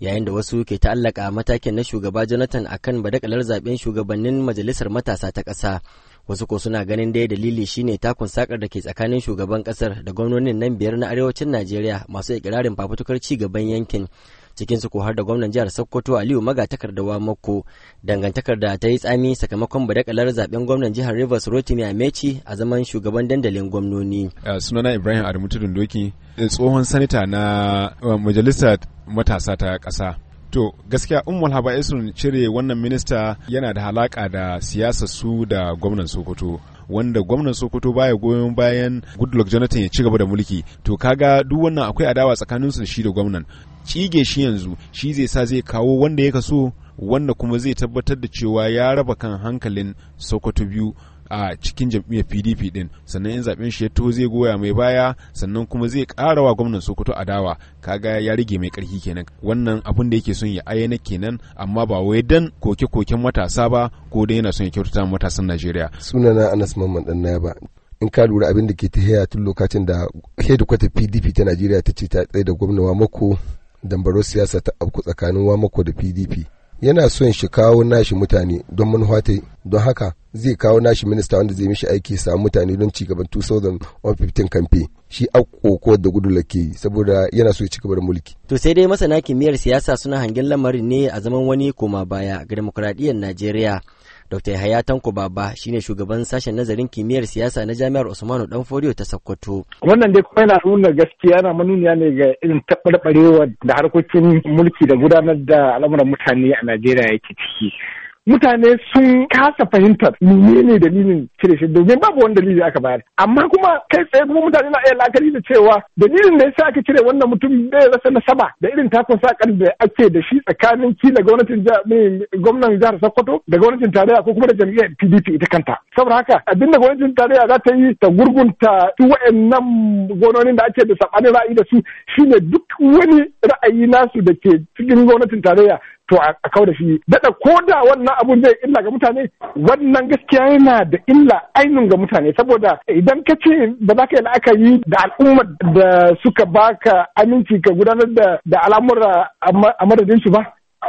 yayin da wasu ke ta'allaka matakin na shugaba jonathan akan badakalar zaben shugabannin majalisar matasa ta ƙasa wasu ko suna ganin dai dalili shine takun sakar da ke tsakanin shugaban kasar da gwamnonin nan biyar na arewacin najeriya masu ikirarin fafutukar ci gaban yankin cikin su ko har da gwamnan jihar Sokoto Aliyu wa Mako dangantakar da ta yi tsami sakamakon badakalar zaben gwamnan jihar Rivers Rotimi Amechi a zaman shugaban dandalin gwamnoni. Sunana Ibrahim Adamu Tudun Doki tsohon sanita na uh, majalisar matasa ta ƙasa. To gaskiya Umar Haba'isun cire wannan minista yana da halaka da siyasar su da gwamnan Sokoto. wanda gwamnan sokoto baya goyon bayan goodluck jonathan ya ci gaba da mulki to kaga duk wannan akwai adawa tsakaninsu da shi da gwamnan cige shi yanzu shi zai sa zai kawo wanda ya kaso wanda kuma zai tabbatar da cewa ya raba kan hankalin sokoto biyu a cikin jam'iyyar pdp din sannan in zaben shi ya to zai goya mai baya sannan kuma zai kara wa gwamnan sokoto adawa kaga ya rage mai karfi kenan wannan abin da yake son ya ayyana kenan amma ba wai dan koke-koken matasa ba ko dai yana son ya kyautata matasan najeriya sunana anas mamman dan naya ba in ka lura abin da ke ta haya tun lokacin da hedikwatar pdp ta najeriya ta ce ta tsaye da gwamnawa mako dambaro siyasa ta afku tsakanin wamako da pdp yana son shi kawo nashi mutane don manhwatai don haka zai kawo nashi minista wanda zai mishi aiki samu mutane don cigaban 2015 kamfe shi a kokowar da gudu lake saboda yana so ya ci gaba da mulki. To sai dai masana kimiyyar siyasa suna hangen lamarin ne a zaman wani koma baya ga demokuraɗiyyar Najeriya. Dr. Yahaya Tanko Baba shine shugaban sashen nazarin kimiyyar siyasa na Jami'ar Usmanu foliyo ta Sokoto. Wannan dai kuma yana nuna gaskiya yana manuniya ne ga irin taɓarɓarewar da harkokin mulki da gudanar da al'amuran mutane a Najeriya yake ciki. mutane sun kasa fahimtar menene dalilin cire shi domin babu wani dalili aka bayar amma kuma kai tsaye kuma mutane na iya lakari da cewa dalilin da ya sa aka cire wannan mutum bai rasa nasaba da irin takon sakar da ake da shi tsakanin kila gwamnatin gwamnan jihar Sokoto da gwamnatin tarayya ko kuma da jam'iyyar PDP ita kanta saboda haka abin da gwamnatin tarayya za ta yi ta gurgunta su wa'annan gononin da ake da sabanin ra'ayi da su shine duk wani ra'ayi nasu da ke cikin gwamnatin tarayya to a kawo da shi daɗa ko da wannan abun zai illa ga mutane wannan gaskiya yana da illa ainun ga mutane saboda idan ka ce ba za ka yi la'akari da al'ummar da suka baka aminci ka gudanar da al'amura a madadinsu ba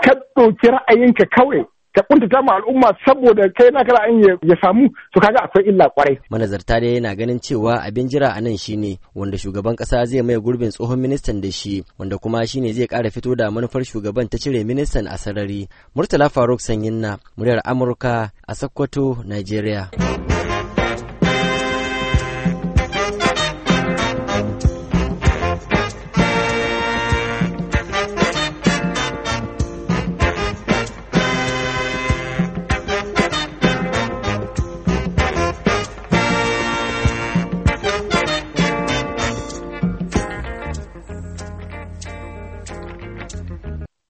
ka ɗauki ra'ayinka kawai ta kuntata ma al'umma saboda kai na kara an ya samu su kaga akwai illa kwarai manazarta dai yana ganin cewa abin jira anan nan shine wanda shugaban kasa zai maye gurbin tsohon ministan da shi wanda kuma shine zai kara fito da manufar shugaban ta cire ministan a sarari murtala faruk sanyin na muryar amurka a sokoto nigeria